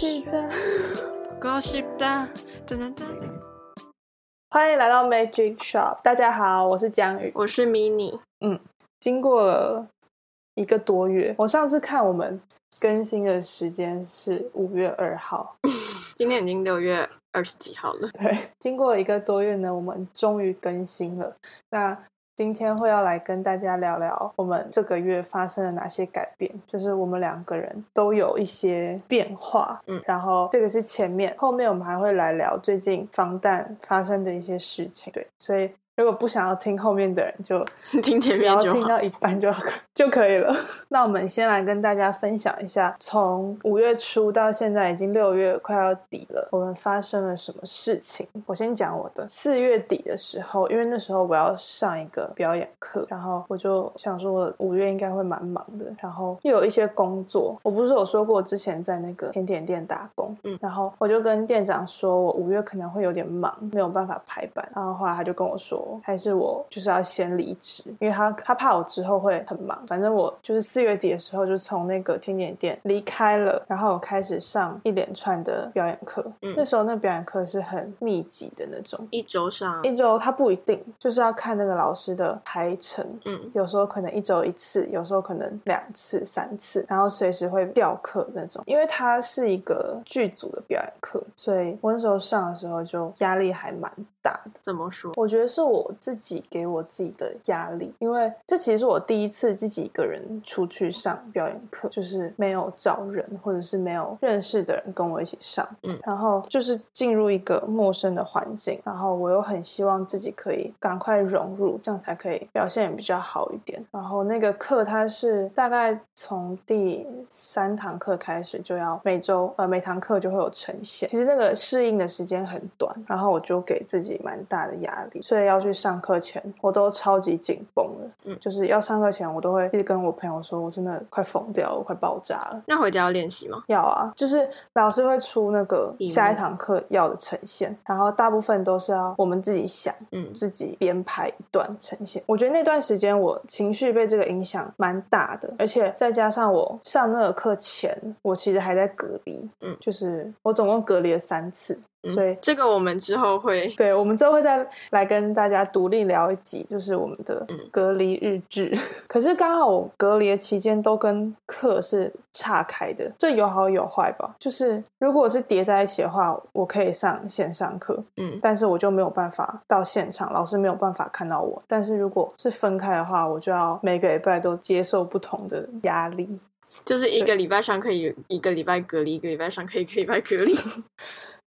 是的，恭喜的，噔噔噔！歡迎來到 Magic Shop，大家好，我是姜予，我是 Mini。嗯，經過了一個多月，我上次看我們更新的時間是五月二號，今天已經六月二十幾號了。對，經過了一個多月呢，我們終於更新了。那今天會要來跟大家聊聊我們這個月發生了哪些改變，就是我們兩個人都有一些變化，嗯，然後這個是前面，後面我們還會來聊最近防彈發生的一些事情，對，所以。如果不想要聽後面的人就，就聽前天面就好，聽到一半就就可以了。 那我們先來跟大家分享一下，從五月初到現在已經六月快要底了，我們發生了什麼事情？我先講我的。四月底的時候，因為那時候我要上一個表演課，然後我就想說我五月應該會蠻忙的，然後又有一些工作。我不是有說過，之前在那個甜點店打工，嗯，然後我就跟店長說我五月可能會有點忙，沒有辦法排班。然後後來他就跟我說。還是我就是要先離職，因為他他怕我之後會很忙。反正我就是四月底的時候就從那個甜點店離開了，然後我開始上一連串的表演課。嗯，那時候那表演課是很密集的那種，一周上一周，他不一定就是要看那個老師的排程。嗯，有時候可能一周一次，有時候可能兩次、三次，然後隨時會掉課那種。因為它是一個劇組的表演課，所以我那時候上的時候就壓力還蠻大的。怎麼說？我覺得是我。我自己給我自己的壓力，因為這其實是我第一次自己一個人出去上表演課，就是沒有找人，或者是沒有認識的人跟我一起上。嗯，然後就是進入一個陌生的環境，然後我又很希望自己可以趕快融入，這樣才可以表現也比較好一點。然後那個課它是大概從第三堂課開始就要每週呃每堂課就會有呈現，其實那個適應的時間很短，然後我就給自己蠻大的壓力，所以要去。去上課前，我都超級緊繃了。嗯，就是要上課前，我都會一直跟我朋友說，我真的快瘋掉了，快爆炸了。那回家要練習嗎？要啊，就是老師會出那個下一堂課要的呈現，嗯，然後大部分都是要我們自己想，嗯，自己編排一段呈現。我覺得那段時間我情緒被這個影響蠻大的，而且再加上我上那個課前，我其實還在隔離，嗯，就是我總共隔離了三次。嗯、所以這個我們之後會，對我們之後會再來跟大家獨立聊一集，就是我們的隔離日誌。嗯、可是剛好我隔離的期間都跟課是岔開的，這有好有壞吧。就是如果是疊在一起的話，我可以上線上課，嗯，但是我就沒有辦法到現場，老師沒有辦法看到我。但是如果是分開的話，我就要每個禮拜都接受不同的壓力，就是一個，對一，個一個禮拜上可以，一個禮拜隔離，一個禮拜上可以，一個禮拜隔離。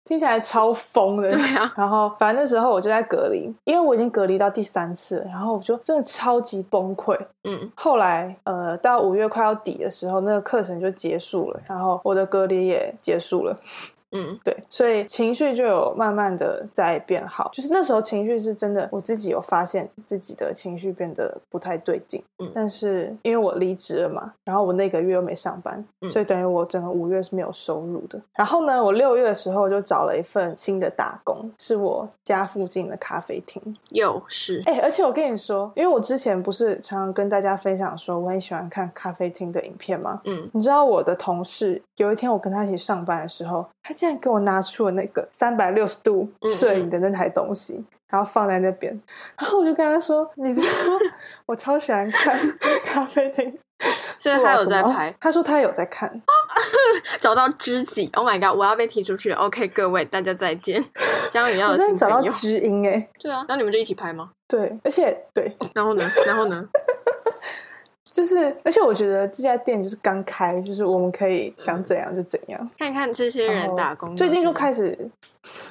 聽起來超瘋的，對啊、然後，反正那時候我就在隔離，因為我已經隔離到第三次，然後我就真的超級崩潰。嗯，後來呃，到五月快到底的時候，那個課程就結束了，然後我的隔離也結束了。嗯，對，所以情緒就有慢慢的在變好，就是那時候情緒是真的，我自己有發現自己的情緒變得不太對勁。嗯，但是因為我離職了嘛，然後我那個月又沒上班，嗯，所以等於我整個五月是沒有收入的。然後呢，我六月的時候就找了一份新的打工，是我家附近的咖啡廳。又是哎，而且我跟你說，因為我之前不是常常跟大家分享說我很喜歡看咖啡廳的影片嗎？嗯，你知道我的同事有一天我跟他一起上班的時候。他竟然給我拿出了那個三百六十度攝影的那台東西，嗯嗯，然後放在那邊。然後我就跟他說：“你知道， 我超喜歡看 咖啡廳。”所以他有在拍。他說他有在看， 找到知己。Oh my god！我要被踢出去。OK，各位，大家再見。 姜予要有找到知音哎。對啊，然後你們就一起拍嗎？對，而且對， 然後呢？然後呢？ 就是，而且我覺得這家店就是剛開，就是我們可以想怎樣就怎樣，嗯、看看這些人打工、就是，最近就開始。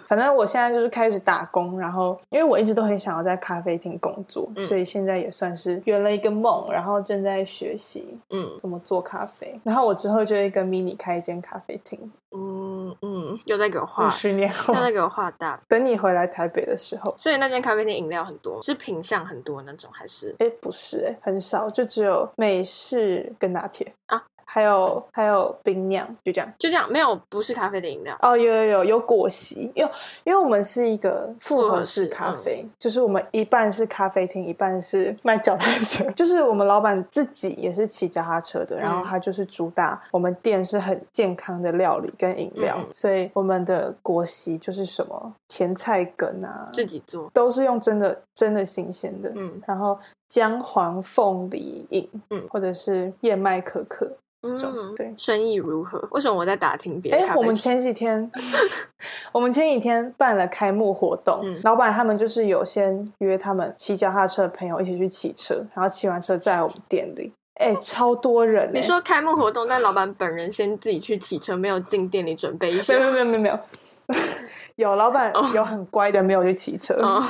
反正我現在就是開始打工，然後因為我一直都很想要在咖啡廳工作，嗯、所以現在也算是圓了一個夢，然後正在學習，嗯，怎麼做咖啡。然後我之後就會跟 mini 開一間咖啡廳，嗯嗯，又、嗯、在給我畫，五十年後又在給我畫大。等你回來台北的時候，所以那間咖啡店飲料很多，是品項很多那種還是？哎，不是，哎，很少，就只有美式跟拿鐵啊。還有還有冰釀就這樣就這樣沒有不是咖啡的飲料哦、oh, 有有有有果昔，因為我們是一個複合式咖啡，嗯、就是我們一半是咖啡廳，一半是賣腳踏車， 就是我們老板自己也是騎腳踏車的，然後他就是主打我們店是很健康的料理跟飲料，嗯、所以我們的果昔就是什麼甜菜根啊，自己做都是用真的真的新鮮的，嗯，然後薑黃鳳梨飲，嗯，或者是燕麥可可。嗯，對，生意如何？為什麼我在打聽別人、欸？我們前幾天， 我們前幾天辦了開幕活動，嗯、老板他們就是有先約他們騎腳踏車的朋友一起去騎車，然後騎完車再來我們店裡，哎是、欸，超多人、欸。你說開幕活動，但老板本人先自己去騎車，沒有進店裡準備一下？ 沒有，沒有，沒有，沒有， 有老板有很乖的，沒有去騎車，oh.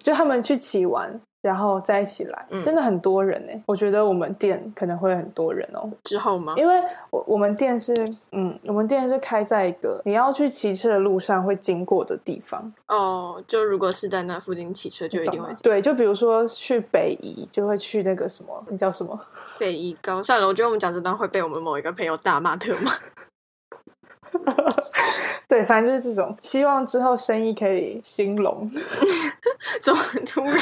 就他們去騎完。然後再一起來，真的很多人呢。嗯，我覺得我們店可能會很多人哦。之後嗎？因為我我們店是，嗯，我們店是開在一個你要去騎車的路上會經過的地方。哦，就如果是在那附近騎車，就一定會。對，就比如說去北宜，就會去那個什麼，你叫什麼？北宜高。算了，我覺得我們講這段會被我們某一個朋友大罵特罵。 對，反正就是這種。希望之後生意可以興隆。 突然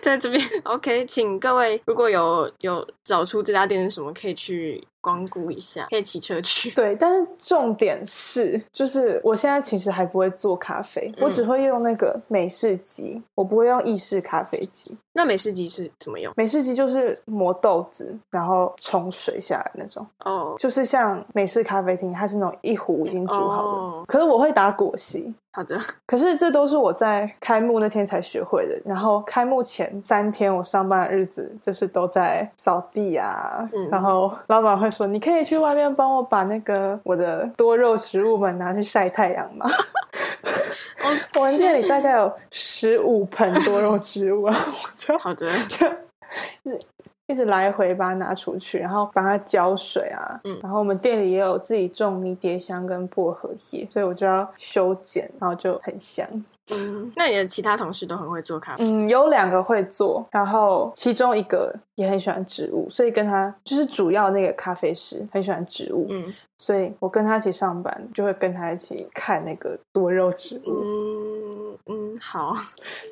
在這邊，OK，請各位如果有有找出這家店是什麼可以去，光顧一下，可以騎車去。對，但是重點是，就是我現在其實還不會做咖啡，嗯、我只會用那個美式機，我不會用意式咖啡機。那美式機是怎麼用？美式機就是磨豆子，然後沖水下來那種。哦，oh. 就是像美式咖啡廳，它是那種一壺已經煮好的。Oh. 可是我會打果昔。好的，可是這都是我在開幕那天才學會的。然後開幕前三天，我上班的日子就是都在掃地啊。嗯、然後老闆會說：“你可以去外面幫我把那個我的多肉植物們拿去曬太陽嗎？” 我們店裡大概有十五盆多肉植物，啊，我。 好的。 一直來回把它拿出去，然後把它澆水啊，嗯，然後我們店裡也有自己種迷迭香跟薄荷葉，所以我就要修剪，然後就很香。嗯，那你的其他同事都很會做咖啡？嗯，有兩個會做，然後其中一個也很喜歡植物，所以跟他就是主要那個咖啡師很喜歡植物，嗯，所以我跟他一起上班就會跟他一起看那個多肉植物。嗯嗯，好。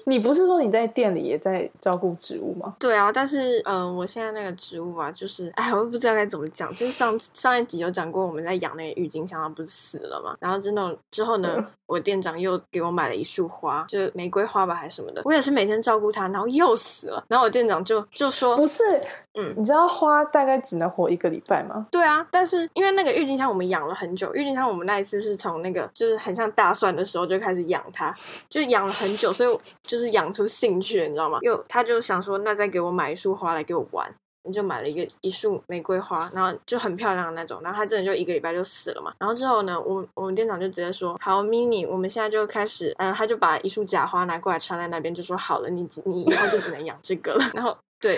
你不是說你在店裡也在照顧植物嗎？對啊，但是嗯、呃，我現在那個植物啊，就是哎，我不知道該怎麼講，就是上上一集有講過我們在養那個鬱金香，它不是死了嗎？然後真的，之後呢，嗯、我店長又給我買了一束。花就是玫瑰花吧，還是什麼的？我也是每天照顧它，然後又死了。然後我店長就就說：“不是，嗯，你知道花大概只能活一個禮拜嗎？”對啊，但是因為那個鬱金香我們養了很久，鬱金香我們那一次是從那個就是很像大蒜的時候就開始養它，就養了很久，所以就是養出興趣你知道嗎？又他就想說：“那再給我買一束花來給我玩。”你就買了一個一束玫瑰花，然後就很漂亮的那種，然後它真的就一個禮拜就死了嘛。然後之後呢，我我們店長就直接說，好，Mini，我們現在就開始，嗯、呃，他就把一束假花拿過來插在那邊，就說好了，你你以後就只能養這個了。然後。對，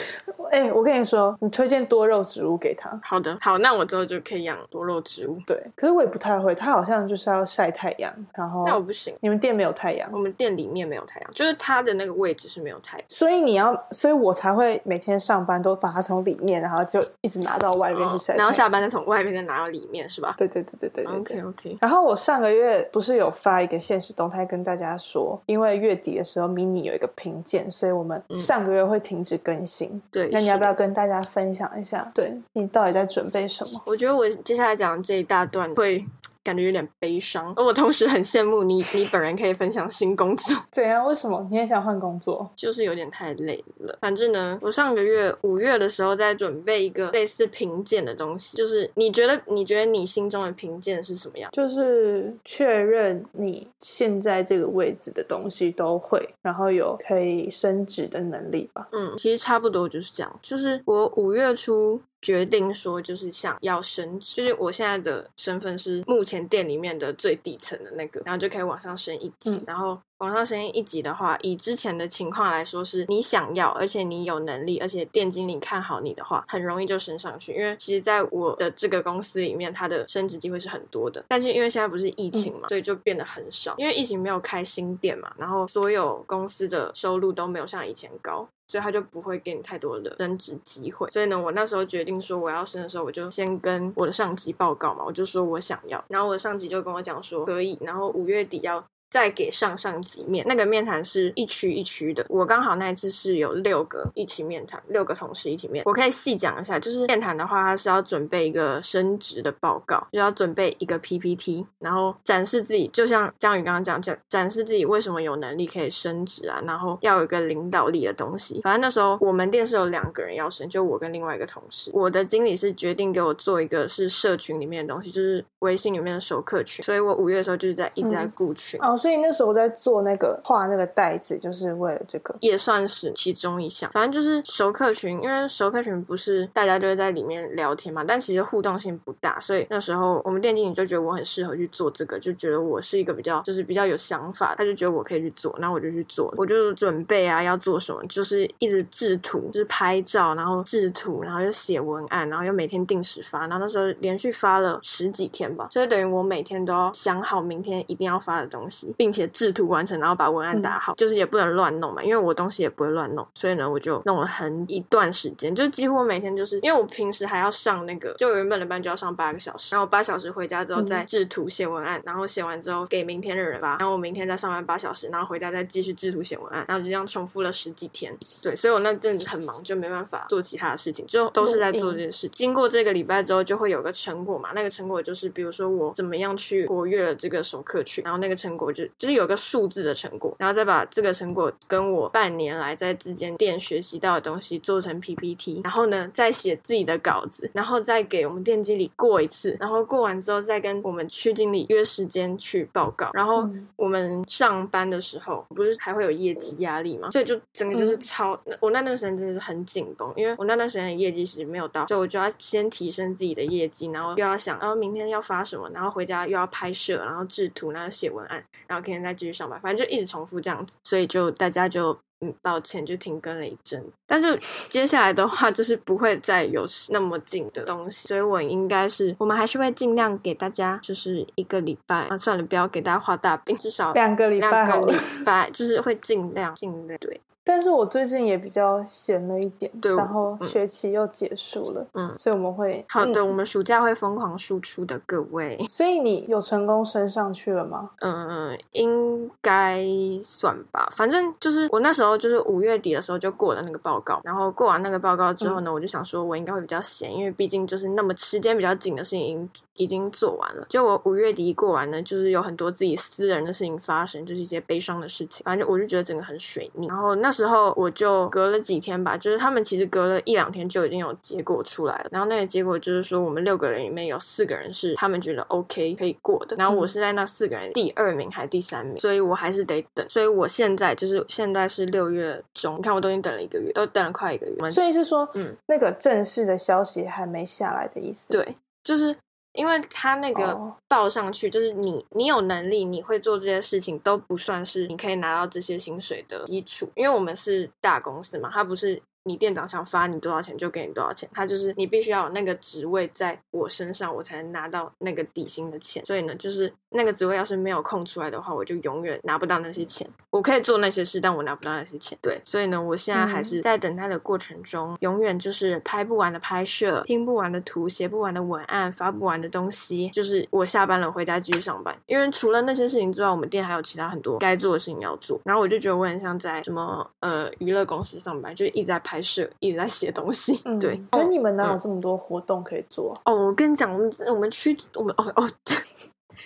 哎、欸，我跟你說，你推薦多肉植物給他。好的，好，那我之後就可以養多肉植物。對，可是我也不太會，他好像就是要曬太陽，然後。那我不行。你們店沒有太陽？我們店裡面沒有太陽，就是它的那個位置是沒有太陽。所以你要，所以我才會每天上班都把它從裡面，然後就一直拿到外面去曬、哦。然後下班再從外面再拿到裡面，是吧？對對對對對對、啊。OK OK。然後我上個月不是有發一個限時動態跟大家說，因為月底的時候 Mini 有一個評鑑，所以我們上個月會停止更新。嗯行，對，那你要不要跟大家分享一下？是對，你到底在準備什麼？我覺得我接下來講的這一大段會。感覺有點悲傷，而我同時很羨慕你，你本人可以分享新工作。怎樣？為什麼你也想換工作？就是有點太累了。反正呢，我上個月五月的時候在準備一個類似評鑑的東西，就是你覺得你覺得你心中的評鑑是什麼樣？就是確認你現在這個位置的東西都會，然後有可以升職的能力吧。嗯，其實差不多就是這樣。就是我五月初。決定說就是想要升職，就是我現在的身份是目前店裡面的最底層的那個，然後就可以往上升一級。嗯、然後往上升一級的話，以之前的情況來說，是你想要，而且你有能力，而且店經理看好你的話，很容易就升上去。因為其實，在我的這個公司裡面，它的升職機會是很多的，但是因為現在不是疫情嘛，嗯、所以就變得很少。因為疫情沒有開新店嘛，然後所有公司的收入都沒有像以前高。所以他就不會給你太多的升職機會。所以呢，我那時候決定說我要升的時候，我就先跟我的上級報告嘛，我就說我想要。然後我的上級就跟我講說可以，然後五月底要再給上上級面，那個面談是一區一區的。我剛好那一次是有六個一起面談，六個同事一起面。我可以細講一下，就是面談的話，他是要準備一個升職的報告，就是、要準備一個 PPT，然後展示自己，就像姜予剛剛講，展展示自己為什麼有能力可以升職啊，然後要有一個領導力的東西。反正那時候我們店是有兩個人要升，就我跟另外一個同事。我的經理是決定給我做一個是社群裡面的東西，就是微信裡面的熟客群，所以我五月的時候就是在一直在顧群。嗯 oh。所以那時候在做那個畫那個袋子，就是為了這個，也算是其中一項。反正就是熟客群，因為熟客群不是大家就會在裡面聊天嘛，但其實互動性不大。所以那時候我們店經理就覺得我很適合去做這個，就覺得我是一個比較就是比較有想法，他就覺得我可以去做，那我就去做。我就準備啊，要做什麼，就是一直制圖，就是拍照，然後制圖，然後又寫文案，然後又每天定時發。然後那時候連續發了十幾天吧，所以等於我每天都要想好明天一定要發的東西。並且製圖完成，然後把文案打好，嗯、就是也不能亂弄嘛，因為我東西也不會亂弄，所以呢，我就弄了很一段時間，就幾乎每天就是，因為我平時還要上那個，就原本的班就要上八個小時，然後八小時回家之後再製圖寫文案，嗯、然後寫完之後給明天的人吧，然後我明天再上班八小時，然後回家再繼續製圖寫文案，然後就這樣重複了十幾天，對，所以我那陣子很忙，就沒辦法做其他的事情，就都是在做這件事。嗯、經過這個禮拜之後，就會有個成果嘛，那個成果就是比如說我怎麼樣去活躍了這個熟客群，然後那個成果就是。就是有個數字的成果，然後再把這個成果跟我半年來在這間店學習到的東西做成 PPT，然後呢再寫自己的稿子，然後再給我們店經理過一次，然後過完之後再跟我們區經理約時間去報告。然後我們上班的時候不是還會有業績壓力嗎？所以就整個就是超、嗯、我那段時間真的是很緊繃，因為我那段時間的業績是沒有到，所以我就要先提升自己的業績，然後又要想，然後、哦、明天要發什麼，然後回家又要拍攝，然後制圖，然後寫文案。然後可以再繼續上班，反正就一直重複這樣子，所以就大家就。嗯，抱歉，就停更了一陣，但是接下來的話就是不會再有那麼緊的東西，所以我應該是，我們還是會盡量給大家就是一個禮拜啊，算了，不要給大家畫大餅，至少兩個禮拜，兩個禮拜就是會盡量盡量對。但是我最近也比較閒了一點，對，然後學期又結束了，嗯，所以我們會好的，我們暑假會瘋狂輸出的，各位。嗯，所以你有成功升上去了嗎？嗯，應該算吧，反正就是我那時候。就是五月底的時候就過了那個報告，然後過完那個報告之後呢，我就想說我應該會比較閒，因為畢竟就是那麼時間比較緊的事情已經已經做完了。就我五月底一過完呢，就是有很多自己私人的事情發生，就是一些悲傷的事情。反正我就覺得整個很水逆。然後那時候我就隔了幾天吧，就是他們其實隔了一兩天就已經有結果出來了。然後那個結果就是說，我們六個人裡面有四個人是他們覺得 OK 可以過的，然後我是在那四個人第二名還是第三名，所以我還是得等。所以我現在就是現在是六、六月中，你看我都已經等了一個月，都等了快一個月，所以是說，嗯，那個正式的消息還沒下來的意思。對，就是因為他那個報上去，oh. 就是你你有能力，你會做這些事情，都不算是你可以拿到這些薪水的基礎。因為我們是大公司嘛，他不是你店長想發你多少錢就給你多少錢，他就是你必須要有那個職位在我身上，我才能拿到那個底薪的錢。所以呢，就是。那個職位要是沒有空出來的話，我就永遠拿不到那些錢。我可以做那些事，但我拿不到那些錢。對，所以呢，我現在還是在等待的過程中，嗯、永遠就是拍不完的拍攝、拼不完的圖、寫不完的文案、發不完的東西。就是我下班了，我回家繼續上班，因為除了那些事情之外，我們店還有其他很多該做的事情要做。然後我就覺得我很像在什麼呃娛樂公司上班，就是一直在拍攝、一直在寫東西。嗯、對，可你們哪有這麼多活動可以做？哦，我跟你講，我們去我們區我們哦哦。哦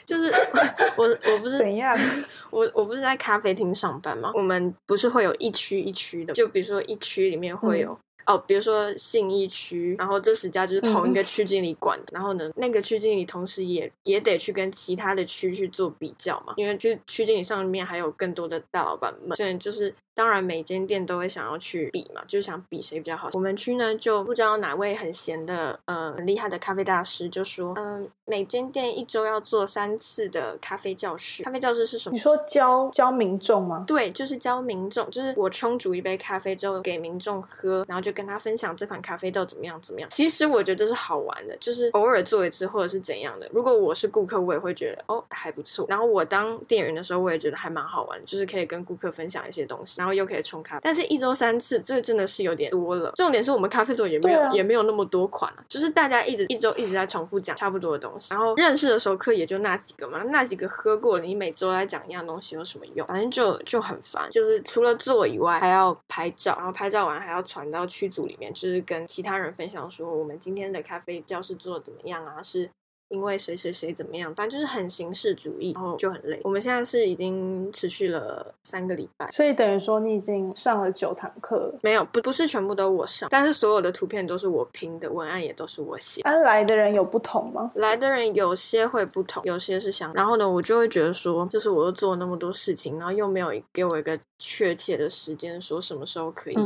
就是我我不是怎樣，我我不是在咖啡廳上班嘛？我們不是會有一區一區的，就比如說一區裡面會有、嗯、哦，比如說信義區，然後這十家就是同一個區經理管，嗯、然後呢，那個區經理同時也也得去跟其他的區去做比較嘛，因為區區經理上面還有更多的大老板們，所以就是。當然，每間店都會想要去比嘛，就想比誰比較好。我們區呢就不知道哪位很閒的呃，嗯，很厲害的咖啡大師就說，嗯，每間店一周要做三次的咖啡教室。咖啡教室是什麼？你說教教民眾嗎？對，就是教民眾，就是我沖煮一杯咖啡之後給民眾喝，然後就跟他分享這款咖啡豆怎麼樣怎麼樣。其實我覺得這是好玩的，就是偶爾做一次或者是怎樣的。如果我是顧客，我也會覺得哦，還不錯。然後我當店員的時候，我也覺得還蠻好玩，就是可以跟顧客分享一些東西。然後又可以沖咖啡，但是一周三次，這個真的是有點多了。重點是我們咖啡座也沒有、啊、也沒有那麼多款啊，就是大家一直一周一直在重複講差不多的東西。然後認識的熟客也就那幾個嘛，那幾個喝過了，你每周來講一樣東西有什麼用？反正就就很煩。就是除了做以外，還要拍照，然後拍照完還要傳到群組裡面，就是跟其他人分享說我們今天的咖啡教室做得怎麼樣啊？是。因為誰誰誰怎麼樣，反正就是很形式主義，然後就很累。我們現在是已經持續了三個禮拜，所以等於說你已經上了九堂課。沒有，不不是全部都我上，但是所有的圖片都是我拼的，文案也都是我寫。來的人有不同嗎？來的人有些會不同，有些是相同。然後呢，我就會覺得說，就是我又做了那麼多事情，然後又沒有給我一個確切的時間，說什麼時候可以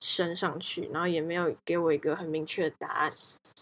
升上去，嗯、然後也沒有給我一個很明確的答案。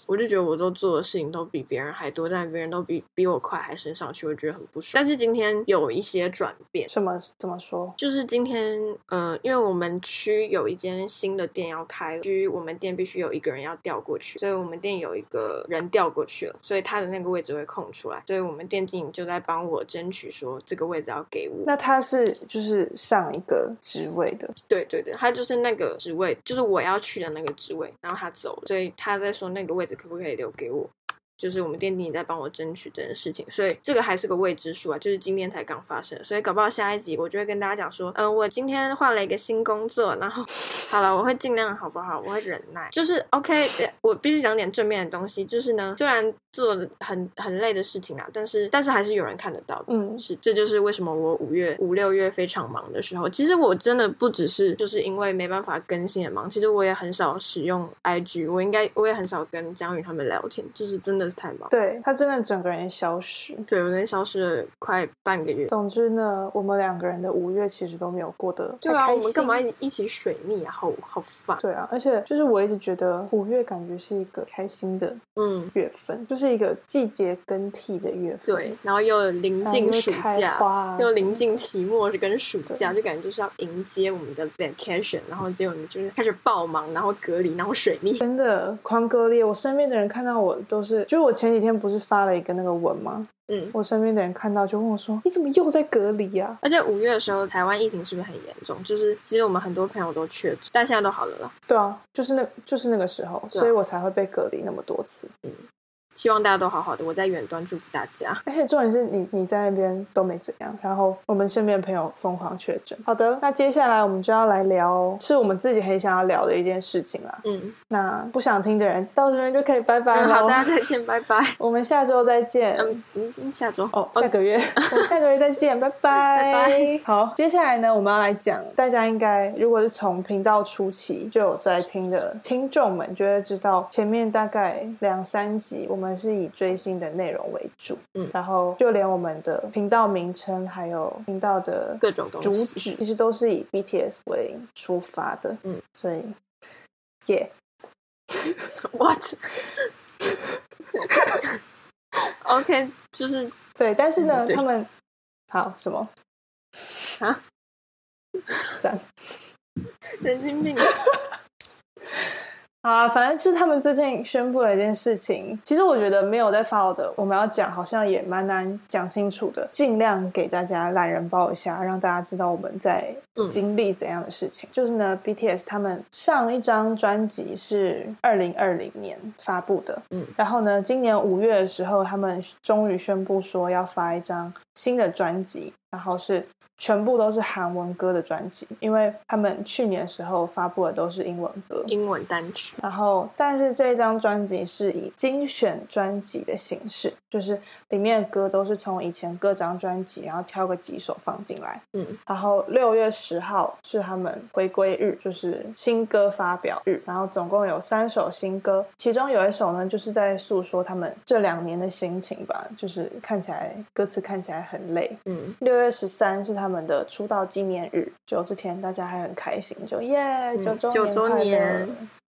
我就覺得我都做的事情都比別人還多，但別人都比比我快，還升上去，我覺得很不爽。但是今天有一些轉變，什麼？怎麼說？就是今天，嗯、呃，因為我們區有一間新的店要開，區，我們店必須有一個人要調過去，所以我們店有一個人調過去了，所以他的那個位置會空出來，所以我們店經理就在幫我爭取說這個位置要給我。那他是就是上一個職位的，對對對，他就是那個職位，就是我要去的那個職位，然後他走了，所以他在說那個位置。可不可以留給我？就是我們店經理在幫我爭取這件事情，所以這個還是個未知數啊。就是今天才剛發生，所以搞不好下一集我就會跟大家講說，嗯，我今天換了一個新工作，然後好了，我會盡量好不好？我會忍耐。就是 OK，我必須講點正面的東西。就是呢，雖然做了很很累的事情啊，但是但是還是有人看得到的。嗯，是，這就是為什麼我五月五六月非常忙的時候，其實我真的不只是就是因為沒辦法更新的忙，其實我也很少使用 IG，我應該我也很少跟姜予他們聊天，就是真的。太忙。對，他真的整個人消失，對我們消失了快半個月。總之呢，我們兩個人的五月其實都沒有過得。對啊，我們幹嘛一起一起水逆啊，好好煩。對啊，而且就是我一直覺得五月感覺是一個開心的嗯月份，嗯、就是一個季節更替的月份，對，然後又臨近暑假，啊、又臨近期末，是跟暑假對就感覺就是要迎接我們的 vacation，然後結果就是開始爆忙，然後隔離，然後水逆，真的狂割裂。我身邊的人看到我都是就。我前幾天不是發了一個那個文嗎？嗯，我身邊的人看到就問我說：“你怎麼又在隔離啊？”而且五月的時候，台灣疫情是不是很嚴重？就是其實我們很多朋友都確診，但現在都好了啦。對啊，就是那，就是那個時候，啊、所以我才會被隔離那麼多次。嗯。希望大家都好好的，我在遠端祝福大家。而且重點是你你在那邊都沒怎樣，然後我們身邊朋友瘋狂確診。好的，那接下來我們就要來聊，是我們自己很想要聊的一件事情了。嗯，那不想聽的人到這邊就可以拜拜了，嗯。好，大家再見，拜拜。我們下周再見。嗯嗯，嗯，下周哦，oh, Okay. 下個月， 我們下個月再見，拜拜。拜拜。好，接下來呢，我們要來講，大家應該如果是從頻道初期就有在聽的是聽眾們，就會知道前面大概兩三集，我們。我們是以追星的內容為主，嗯，然後就連我們的頻道名稱還有頻道的體各種主旨，其實都是以 BTS 為出發的，嗯，所以，Yeah，What？OK， okay, 就是對，但是呢，嗯、他們好什麼啊？這樣，神經病。 好啊，反正就是他們最近宣布了一件事情。其實我覺得沒有在發的，我們要講好像也蠻難講清楚的，儘量給大家懶人包一下，讓大家知道我們在經歷怎樣的事情。嗯、就是呢，BTS 他們上一張專輯是二零二零年發布的，嗯，然後呢，今年五月的時候，他們終於宣布說要發一張新的專輯，然後是。全部都是韓文歌的專輯，因為他們去年時候發布的都是英文歌、英文單曲。然後，但是這張專輯是以精選專輯的形式，就是裡面的歌都是從以前各張專輯，然後挑個幾首放進來。嗯。然後六月十號是他們回歸日，就是新歌發表日。然後總共有三首新歌，其中有一首呢，就是在訴說他們這兩年的心情吧，就是看起來歌詞看起來很累。嗯。六月十三是他們。們的出道紀念日就這天，大家還很開心，就耶，嗯、九週年九周年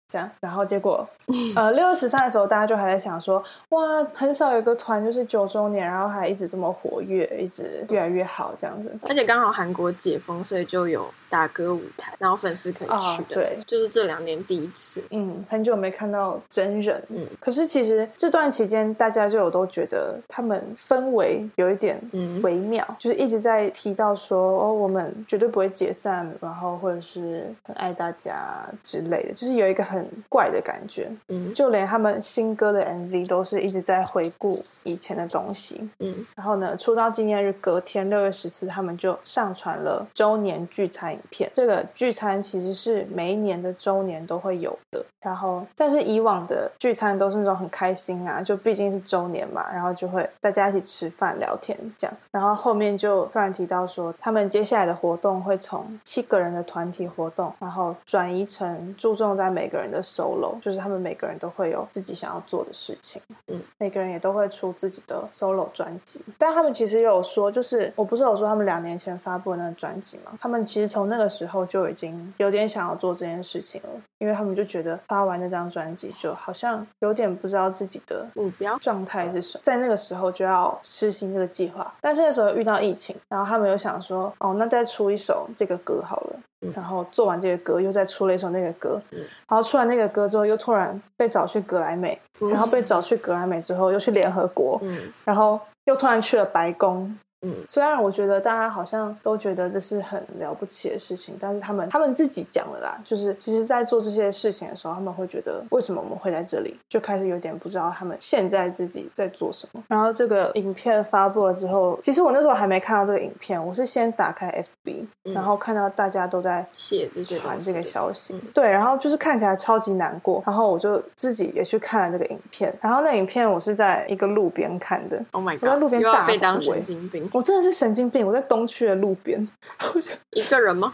這樣。然後結果， 呃，六月十三的時候，大家就還在想說，哇，很少有個團就是九周年，然後還一直這麼活躍，一直越來越好這樣子。而且剛好韓國解封，所以就有。打歌舞台，然後粉絲可以去的，oh, 對，就是這兩年第一次，嗯，很久沒看到真人，嗯，可是其實這段期間大家就有都覺得他們氛圍有一點嗯微妙，嗯、就是一直在提到說哦，我們絕對不會解散，然後或者是很愛大家之類的，就是有一個很怪的感覺，嗯，就連他們新歌的 MV 都是一直在回顧以前的東西，嗯，然後呢，出道紀念日隔天六月十四，他們就上傳了周年聚餐。這個聚餐其實是每一年的周年都會有的，然後但是以往的聚餐都是那種很開心啊，就畢竟是周年嘛，然後就會大家一起吃飯聊天這樣，然後後面就突然提到說他們接下來的活動會從七個人的團體活動，然後轉移成注重在每個人的 solo，就是他們每個人都會有自己想要做的事情，嗯、每個人也都會出自己的 solo 專輯，但他們其實也有說，就是我不是有說他們兩年前發布的那個專輯嗎？他們其實從。那個時候就已經有點想要做這件事情了，因為他們就覺得發完那張專輯，就好像有點不知道自己的目標狀態是什麼。在那個時候就要實行這個計劃，但是那時候遇到疫情，然後他們又想說：“哦，那再出一首這個歌好了。”然後做完這個歌，又再出了一首那個歌。然後出完那個歌之後，又突然被找去格萊美，然後被找去格萊美之後，又去聯合國，然後又突然去了白宮。嗯，雖然我覺得大家好像都覺得這是很了不起的事情，但是他們他們自己講了啦，就是其實，在做這些事情的時候，他們會覺得為什麼我們會在這裡？就開始有點不知道他們現在自己在做什麼。然後這個影片發布了之後，其實我那時候還沒看到這個影片，我是先打開 FB，然後看到大家都在寫這些，傳這個消息，對，然後就是看起來超級難過。然後我就自己也去看了這個影片，然後那影片我是在一個路邊看的，Oh my God，我在路邊大哭。我真的是神經病，我在東區的路邊， 一個人嗎？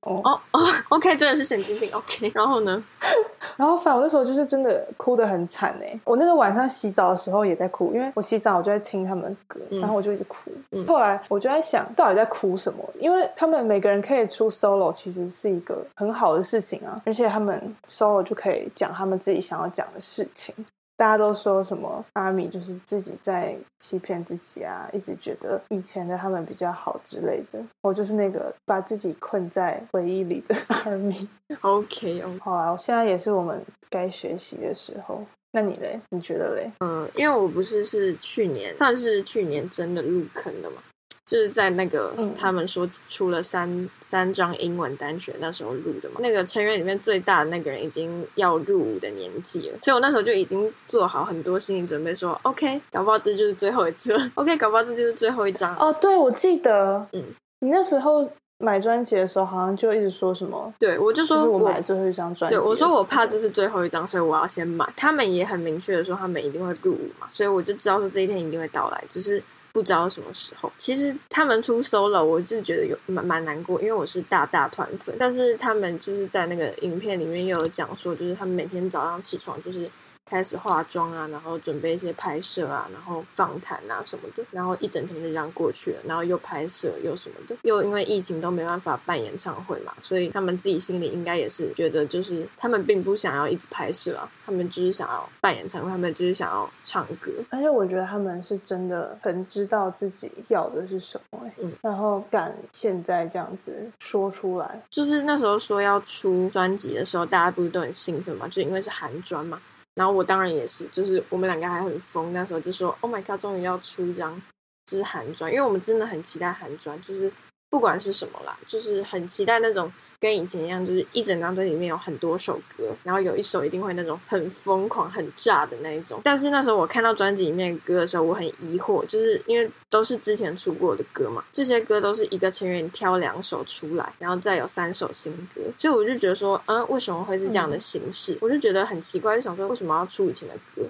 哦哦、oh. oh, oh，OK，真的是神經病，OK。 然後呢？ 然後反正我那時候就是真的哭得很慘哎，我那個晚上洗澡的時候也在哭，因為我洗澡我就在聽他們歌，然後我就一直哭。嗯、後來我就在想，到底在哭什麼？因為他們每個人可以出 solo，其實是一個很好的事情啊，而且他們 solo 就可以講他們自己想要講的事情。大家都說什麼阿米就是自己在欺騙自己啊，一直覺得以前的他們比較好之類的。我就是那個把自己困在回憶裡的阿米。OK，OK，Okay, okay. 好啊，我現在也是我們該學習的時候。那你嘞？你覺得嘞？嗯，因為我不是是去年，算是去年真的入坑的嘛。就是在那個、嗯、他們說出了三三張英文單曲，那時候錄的嘛。那個成員裡面最大的那個人已經要入伍的年紀了，所以我那時候就已經做好很多心理準備說，說 OK，搞不好這就是最後一次了。OK，搞不好這就是最後一張。哦，對，我記得，嗯，你那時候買專輯的時候，好像就一直說什麼？對我就說我，就是我買最後一張專輯。對，我說我怕這是最後一張，所以我要先買。他們也很明確的說，他們一定會入伍嘛，所以我就知道說這一天一定會到來，只、就是。不知道什麼時候，其實他們出 solo 我就覺得有蠻蠻難過，因為我是大大團粉。但是他們就是在那個影片裡面又有講說，就是他們每天早上起床就是。開始化妝啊，然後準備一些拍攝啊，然後訪談啊什麼的，然後一整天就這樣過去了，然後又拍攝又什麼的，又因為疫情都沒辦法辦演唱會嘛，所以他們自己心裡應該也是覺得，就是他們並不想要一直拍攝，啊，他們就是想要辦演唱會，他們就是想要唱歌。而且我覺得他們是真的很知道自己要的是什麼欸，嗯，然後敢現在這樣子說出來。就是那時候說要出專輯的時候，大家不是都很興奮嗎？就因為是韓專嘛。然後我當然也是，就是我們兩個還很瘋，那時候就說：“Oh my God，終於要出一張，就是韓專，因為我們真的很期待韓專，就是不管是什麼啦，就是很期待那種。”跟以前一樣，就是一整張專輯裡面有很多首歌，然後有一首一定會那種很瘋狂、很炸的那一種。但是那時候我看到專輯裡面的歌的時候，我很疑惑，就是因為都是之前出過的歌嘛，這些歌都是一個成員挑兩首出來，然後再有三首新歌，所以我就覺得說，嗯，為什麼會是這樣的形式？嗯、我就覺得很奇怪，就想說，為什麼要出以前的歌？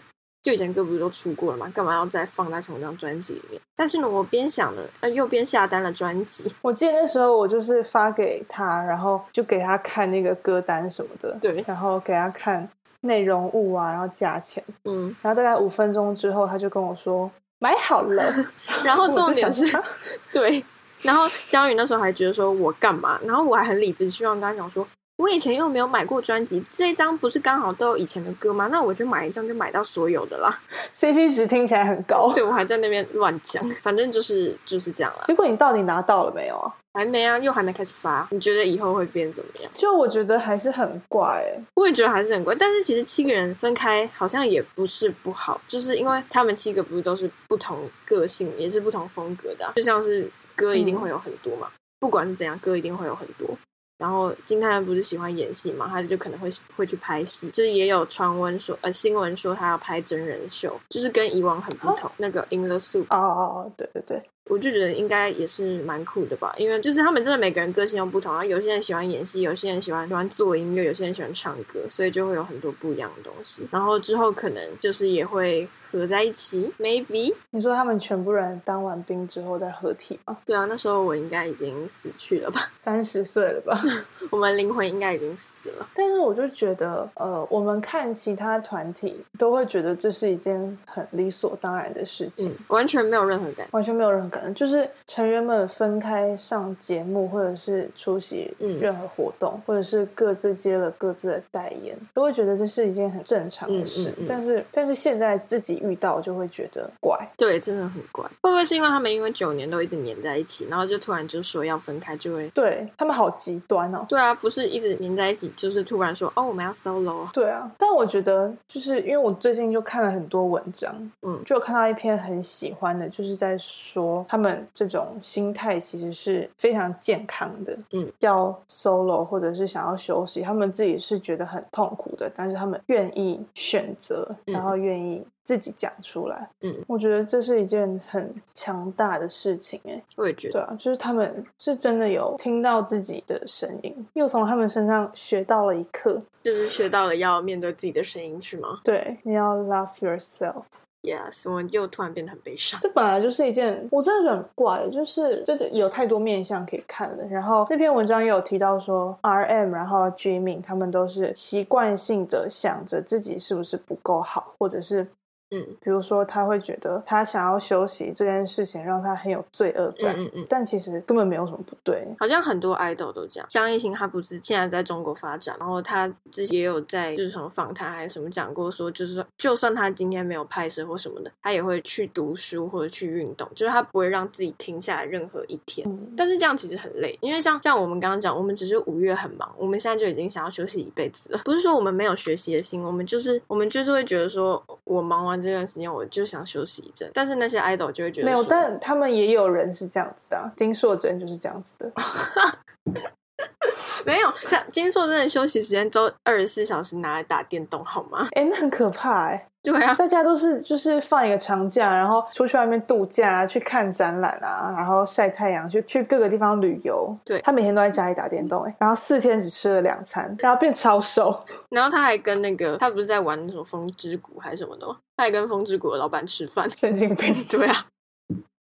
對，整個不是都出過了嗎？幹嘛要再放在同張專輯裡面？但是呢，我邊想了，又、呃、邊下單了專輯。我記得那時候我就是發給他，然後就給他看那個歌單什麼的，對，然後給他看內容物啊，然後價錢，嗯，然後大概五分鐘之後，他就跟我說買好了。 然後重點是， 對，然後姜予那時候還覺得說我幹嘛？然後我還很理直氣壯跟他講說。我以前又沒有買過專輯，這一張不是剛好都有以前的歌嗎？那我就買一張就買到所有的啦。CP 值聽起來很高，對，我還在那邊亂講，反正就是就是這樣啦。結果你到底拿到了沒有？還沒啊，又還沒開始發。你覺得以後會變怎麼樣？就我覺得還是很怪哎、欸，我也覺得還是很怪。但是其實七個人分開好像也不是不好，就是因為他們七個不是都是不同個性，也是不同風格的、啊。就像是歌一定會有很多嘛，嗯、不管是怎樣，歌一定會有很多。然後金泰亨不是喜歡演戲嘛，他就可能會會去拍戲，就是也有傳聞說，呃，新聞說他要拍真人秀，就是跟以往很不同。哦、那個《In the Soup》哦哦，對對對，我就覺得應該也是蠻酷的吧，因為就是他們真的每個人個性都不同，然後有些人喜歡演戲，有些人喜歡喜歡做音樂，有些人喜歡唱歌，所以就會有很多不一樣的東西。然後之後可能就是也會。合在一起，maybe？你說他們全部人當完兵之後再合體嗎？對啊，那時候我應該已經死去了吧，三十歲了吧， 我們靈魂應該已經死了。但是我就覺得，呃，我們看其他團體都會覺得這是一件很理所當然的事情，完全沒有任何感，完全沒有任何感恩覺。就是成員們分開上節目或者是出席任何活動，嗯、或者是各自接了各自的代言，都會覺得這是一件很正常的事。嗯嗯嗯、但是，但是現在自己。遇到就會覺得怪，對，真的很怪。會不會是因為他們因為九年都一直黏在一起，然後就突然就說要分開，就會，對，他們好極端哦。對啊，不是一直黏在一起，就是突然說哦，我們要 solo。對啊，但我覺得就是因為我最近就看了很多文章，嗯，就有看到一篇很喜歡的，就是在說他們這種心態其實是非常健康的。嗯，要 solo 或者是想要休息，他們自己是覺得很痛苦的，但是他們願意選擇，嗯、然後願意。自己講出來，嗯，我覺得這是一件很強大的事情，哎，我也覺得，對啊，就是他們是真的有聽到自己的聲音，又從他們身上學到了一課，就是學到了要面對自己的聲音，是嗎？對，你要 love yourself，Yes, 我又突然變得很悲傷。這本來就是一件我真的覺得很怪，就是這有太多面向可以看了。然後那篇文章也有提到說，R M，然後 Jimin，他們都是習慣性的想着自己是不是不夠好，或者是。嗯，比如說他會覺得他想要休息這件事情讓他很有罪惡感，嗯嗯嗯，但其實根本沒有什麼不對。好像很多愛豆都這樣，張藝興他不是現在在中國發展，然後他自己也有在就是什麼訪談還是什麼講過，說就是說就算他今天沒有拍攝或什麼的，他也會去讀書或者去運動，就是他不會讓自己停下來任何一天。嗯。但是這樣其實很累，因為像像我們剛剛講，我們只是五月很忙，我們現在就已經想要休息一輩子了。不是說我們沒有學習的心，我們就是我們就是會覺得說我忙完。這段時間我就想休息一陣，但是那些 idol 就會覺得沒有，但他們也有人是這樣子的，金碩珍就是這樣子的。 沒有，他金碩珍的休息時間都二十四小時拿來打電動，好嗎？哎、欸，那很可怕哎、欸。對啊，大家都是就是放一個長假，然後出去外面度假、啊，去看展覽啊，然後曬太陽，去去各個地方旅遊。對，他每天都在家裡打電動、欸，哎，然後四天只吃了兩餐，然後變超瘦。 然後他還跟那個他不是在玩那種風之谷還是什麼的，他還跟風之谷的老闆吃飯，神經病。 對啊。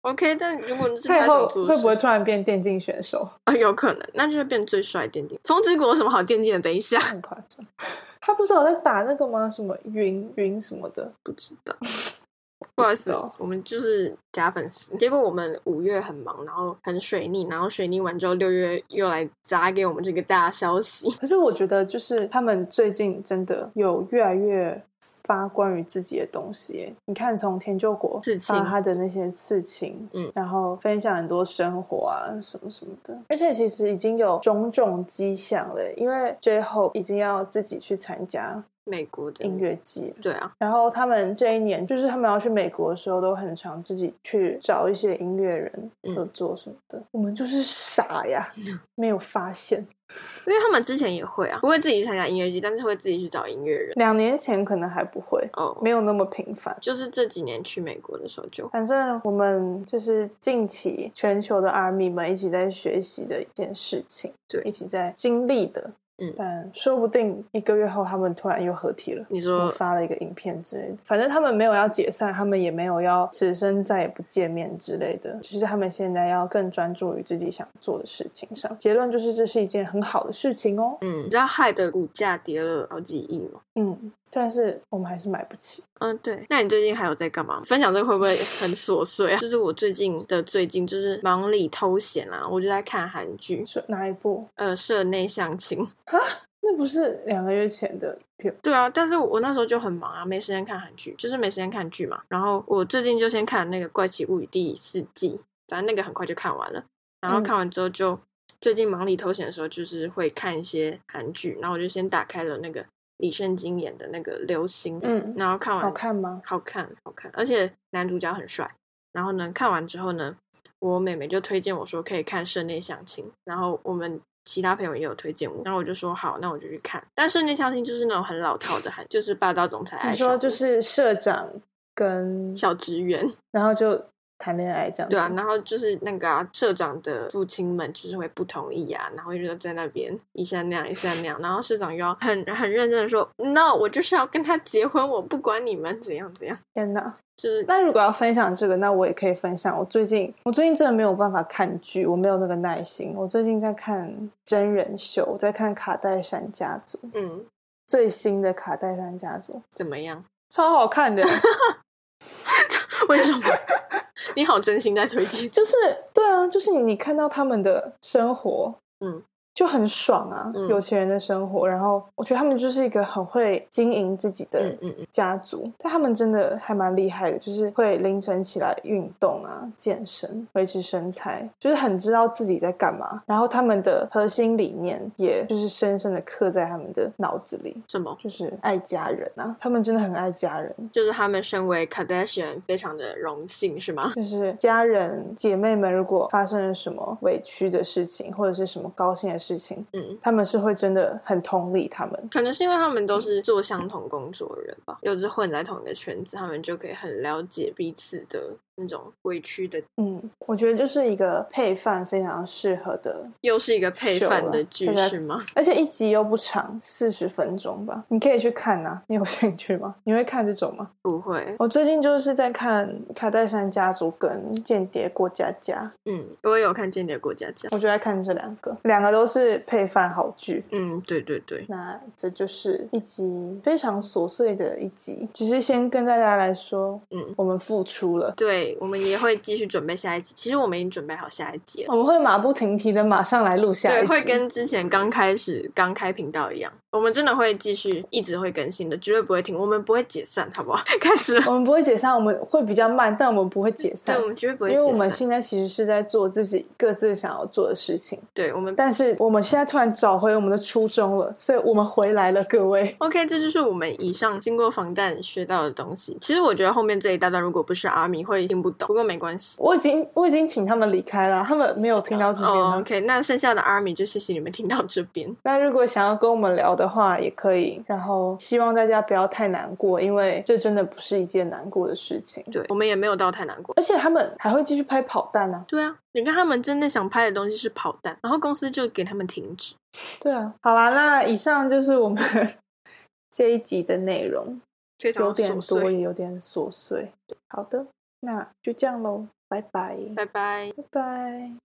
OK，但如果以後會不會突然變電競選手啊、哦？有可能，那就是變最帥電競。風之谷有什麼好電競的？等一下，很快，他不是有在打那個嗎？什麼雲雲什麼的，不知道。 不好意思哦， 我們就是假粉絲。結果我們五月很忙，然後很水逆，然後水逆完之後，六月又來砸給我們這個大消息。可是我覺得，就是他們最近真的有越來越。發關於自己的東西，你看從田柾國發他的那些刺青事情，嗯，然後分享很多生活啊什麼什麼的，而且其實已經有種種跡象了，因為最後已經要自己去參加美國的音樂節，對啊，然後他們這一年就是他們要去美國的時候，都很常自己去找一些音樂人合作什麼的，嗯、我們就是傻呀， 沒有發現。因為他們之前也會啊，不會自己去參加音樂劇，但是會自己去找音樂人。兩年前可能還不會，哦，oh, 沒有那麼頻繁，就是這幾年去美國的時候就。反正我們就是近期全球的 ARMY 們，一起在學習的一件事情，對，一起在經歷的。嗯，但說不定一個月後他們突然又合體了。你說，發了一個影片之類的，反正他們沒有要解散，他們也沒有要此生再也不見面之類的。其實他們現在要更專注於自己想做的事情上。結論就是這是一件很好的事情哦。嗯，你知道 HYBE 的股價跌了好幾億嗎？嗯。但是我們還是買不起。嗯，對。那你最近還有在幹嘛？分享這個會不會很瑣碎啊？ 就是我最近的最近就是忙裡偷閒啊，我就在看韓劇。哪一部？呃，社內相親。啊？那不是兩個月前的票？對啊，但是我，我那時候就很忙啊，沒時間看韓劇，就是沒時間看劇嘛。然後我最近就先看那個《怪奇物語》第四季，反正那個很快就看完了。然後看完之後就最近忙裡偷閒的時候，就是會看一些韓劇。嗯，然後我就先打開了那個。李聖經演的那個流星，嗯，然後看完好看嗎？好看，好看，而且男主角很帥。然後呢，看完之後呢，我妹妹就推薦我說可以看《社內相親》，然後我們其他朋友也有推薦我，然後我就說好，那我就去看。但《社內相親》就是那種很老套的， 就是霸道總裁愛，你說就是社長跟小職員， 然後就。談戀愛這樣對啊，然後就是那個、啊、社長的父親們就是會不同意啊，然後就在那邊一下那樣一下那樣， 然後社長又要很很認真的說 ：“No，我就是要跟他結婚，我不管你們怎樣怎樣。”天哪，就是那如果要分享這個，那我也可以分享。我最近我最近真的沒有辦法看劇，我沒有那個耐心。我最近在看真人秀，我在看卡山《卡戴珊家族》。嗯，最新的卡山《卡戴珊家族》怎麼樣？超好看的。 為什麼？ 你好，真心在推薦，就是對啊，就是你，你看到他們的生活，嗯。就很爽啊，嗯、有錢人的生活。然後我覺得他們就是一個很會經營自己的家族，嗯嗯嗯、但他們真的還蠻厲害的，就是會凌晨起來運動啊，健身，維持身材，就是很知道自己在幹嘛。然後他們的核心理念，也就是深深的刻在他們的腦子裡。什麼？就是愛家人啊，他們真的很愛家人。就是他們身為 Kardashian，非常的榮幸，是嗎？就是家人姐妹們，如果發生了什麼委屈的事情，或者是什麼高興的事情。事情，嗯，他們是會真的很同理他們，可能是因為他們都是做相同工作的人吧，又、嗯、是混在同一個圈子，他們就可以很了解彼此的。那種委屈的，嗯，我覺得就是一個配飯非常適合的，又是一個配飯的劇是嗎？而且一集又不長，四十分鐘吧，你可以去看啊，你有興趣嗎？你會看這種嗎？不會。我最近就是在看《卡戴珊家族》跟《間諜過家家》。嗯，我也有看《間諜過家家》，我就在看這兩個，兩個都是配飯好劇。嗯，對對對。那這就是一集非常瑣碎的一集，只是先跟大家來說，嗯，我們復出了，對。 我們也會繼續準備下一集。其實我們已經準備好下一集了。我們會馬不停蹄的馬上來錄下一集。對，會跟之前剛開始剛開頻道一樣。我們真的會繼續，一直會更新的，絕對不會停。我們不會解散，好不好？ 開始了， 我們不會解散，我們會比較慢，但我們不會解散。 對，我們絕對不會解散，因為我們現在其實是在做自己各自想要做的事情。對，我們。但是我們現在突然找回我們的初衷了，所以我們回來了，各位。 OK，這就是我們以上經過防彈學到的東西。其實我覺得後面這一大段如果不是阿米會。不懂，不過沒關係。我已經我已經請他們離開了，他們沒有聽到這邊。Okay. Oh, OK，那剩下的 ARMY 就謝謝你們聽到這邊。那如果想要跟我們聊的話，也可以。然後希望大家不要太難過，因為這真的不是一件難過的事情。對，我們也沒有到太難過。而且他們還會繼續拍跑彈呢、啊。對啊，你看他們真的想拍的東西是跑彈，然後公司就給他們停止。對啊，好啦，那以上就是我們 這一集的內容，非常有，有點多，也有點瑣碎。好的。那就這樣嘍，拜拜，拜拜，拜拜。